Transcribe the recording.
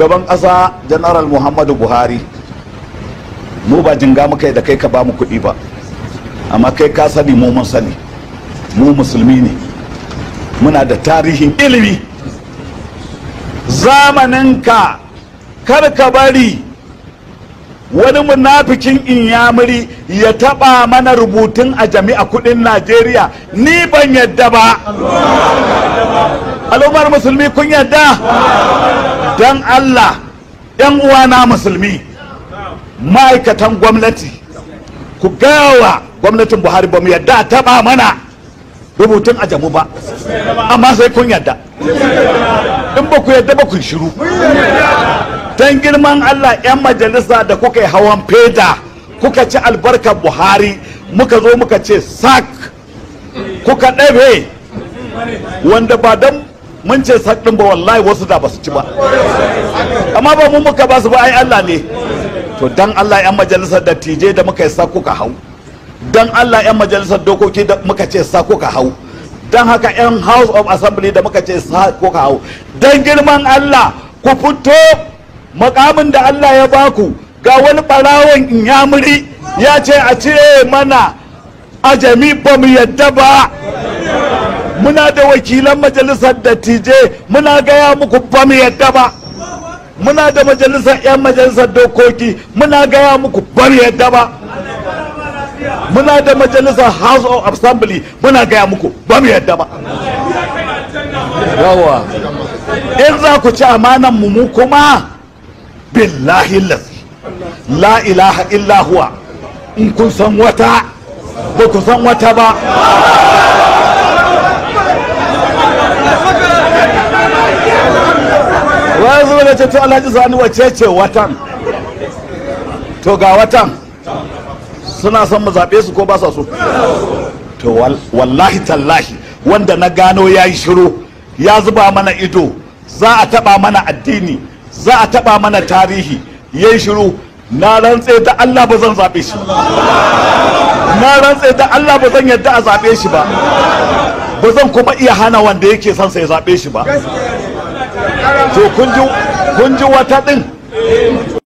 gaban ƙasa janaral muhammadu buhari mu ba jinga muka yi da kai ka ba mu kuɗi ba amma kai ka sani mu mun sani mu musulmi ne muna da tarihin ilimi zamaninka kar ka bari wani munafikin inyamuri ya taɓa mana rubutun a jami'a kuɗin najeriya ni ban yadda ba al'ummar musulmi kun yadda don allah yan uwana musulmi ma'aikatan gwamnati ku gawa gwamnatin buhari ba mu yadda taɓa mana rubutun a jamu ba amma sai kun yadda in ba ku yadda ba kun shiru don girman allah 'yan majalisa da kuka yi hawan feda kuka ci albarkar buhari muka zo muka ce sak kuka ɗabe wanda ba don mun ce sadin ba wallahi wasu da ba su ci ba amma ba mun muka ba su ba ai Allah ne to dan Allah yan majalisar dattijai da muka yi sa kuka hau dan Allah yan majalisar dokoki da muka ce sa kuka hau dan haka yan house of assembly da muka ce sa kuka hau dan girman Allah ku fito makamin da Allah ya baku ga wani barawon inyamuri ya ce a cire mana ajami ba mu yadda ba muna da wakilan majalisar dattijai muna gaya muku ba mu yadda ba muna da majalisar 'yan majalisar dokoki muna gaya muku ba mu yadda ba muna da majalisar house of assembly muna gaya muku ba mu yadda ba yawa in za ku ci amanan mu mu kuma billahi la ilaha illa huwa in kun san wata ba ku san wata ba ya ce to alhaji sani wace ce watan to ga watan suna son mu zaɓe su ko ba sa so to wallahi tallahi wanda na gano ya yi shiru ya zuba mana ido za a taɓa mana addini za a taɓa mana tarihi ya yi shiru na rantse da Allah ba zan zaɓe shi na rantse da Allah ba zan yadda a zaɓe shi ba ba zan kuma iya hana wanda yake son sai zaɓe shi ba to kun ji wata ɗin.